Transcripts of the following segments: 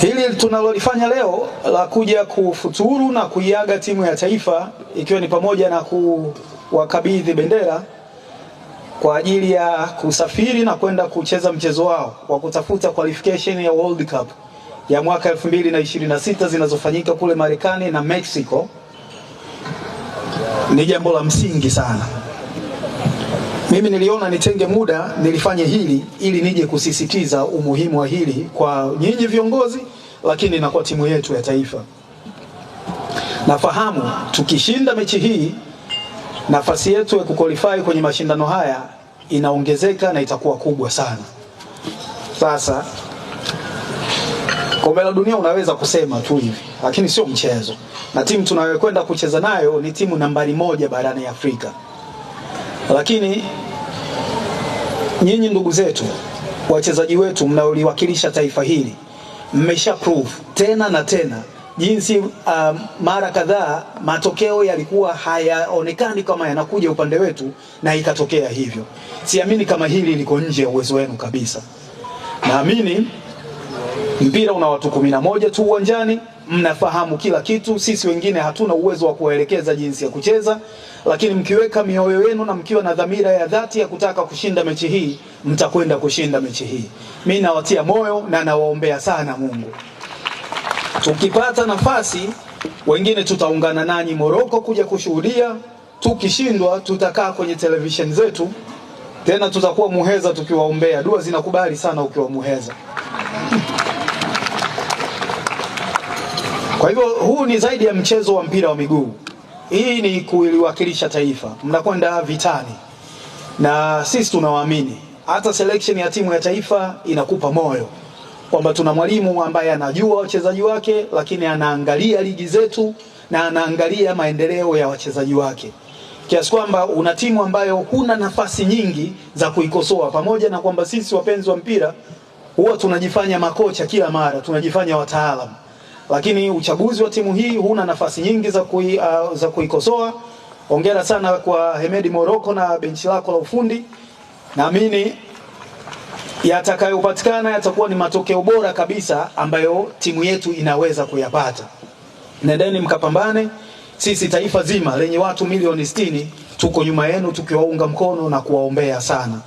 Hili tunalolifanya leo la kuja kufuturu na kuiaga timu ya taifa ikiwa ni pamoja na kuwakabidhi bendera kwa ajili ya kusafiri na kwenda kucheza mchezo wao wa kutafuta qualification ya World Cup ya mwaka 2026 zinazofanyika kule Marekani na Mexico ni jambo la msingi sana. Mimi niliona nitenge muda nilifanye hili ili nije kusisitiza umuhimu wa hili kwa nyinyi viongozi, lakini na kwa timu yetu ya taifa. Nafahamu tukishinda mechi hii nafasi yetu ya kuqualify kwenye mashindano haya inaongezeka na itakuwa kubwa sana. Sasa kombe la dunia unaweza kusema tu hivi, lakini sio mchezo, na timu tunayokwenda kucheza nayo ni timu nambari moja barani Afrika. Lakini nyinyi ndugu zetu, wachezaji wetu mnaoliwakilisha taifa hili, mmesha prove tena na tena jinsi um, mara kadhaa matokeo yalikuwa hayaonekani kama yanakuja upande wetu na ikatokea hivyo. Siamini kama hili liko nje ya uwezo wenu kabisa. Naamini Mpira una watu kumi na moja tu uwanjani, mnafahamu kila kitu. Sisi wengine hatuna uwezo wa kuwaelekeza jinsi ya kucheza, lakini mkiweka mioyo yenu na mkiwa na dhamira ya dhati ya kutaka kushinda mechi hii, mtakwenda kushinda mechi hii. Mimi nawatia moyo na nawaombea sana Mungu. Tukipata nafasi, wengine tutaungana nanyi Moroko kuja kushuhudia. Tukishindwa tutakaa kwenye televisheni zetu tena, tutakuwa muheza tukiwaombea. Dua zinakubali sana ukiwa muheza. Thank you. Kwa hivyo huu ni zaidi ya mchezo wa mpira wa miguu, hii ni kuliwakilisha taifa, mnakwenda vitani, na sisi tunawaamini. Hata selection ya timu ya taifa inakupa moyo kwamba tuna mwalimu ambaye anajua wachezaji wake, lakini anaangalia ligi zetu na anaangalia maendeleo ya wachezaji wake kiasi kwamba una timu ambayo huna nafasi nyingi za kuikosoa, pamoja na kwamba sisi wapenzi wa mpira huwa tunajifanya makocha kila mara, tunajifanya wataalamu lakini uchaguzi wa timu hii huna nafasi nyingi za, kui, uh, za kuikosoa. Hongera sana kwa Hemedi Moroko na benchi lako la ufundi. Naamini yatakayopatikana yatakuwa ni matokeo bora kabisa ambayo timu yetu inaweza kuyapata. Nendeni mkapambane. Sisi taifa zima lenye watu milioni sitini tuko nyuma yenu tukiwaunga mkono na kuwaombea sana.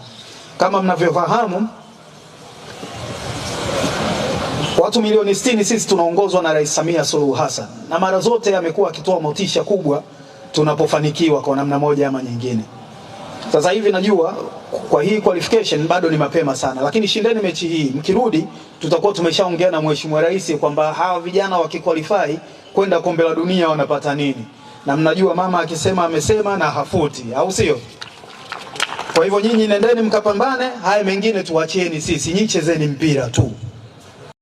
Kama mnavyofahamu Watu milioni sitini sisi tunaongozwa na Rais Samia Suluhu Hassan, na mara zote amekuwa akitoa motisha kubwa tunapofanikiwa kwa namna moja ama nyingine. Sasa hivi najua kwa hii qualification bado ni mapema sana, lakini shindeni mechi hii, mkirudi tutakuwa tumeshaongea na Mheshimiwa Rais kwamba hawa vijana wakiqualify kwenda kombe la dunia wanapata nini, na mnajua mama akisema amesema na hafuti, au sio? Kwa hivyo nyinyi nendeni mkapambane, haya mengine tuwachieni sisi, nyinyi chezeni mpira tu.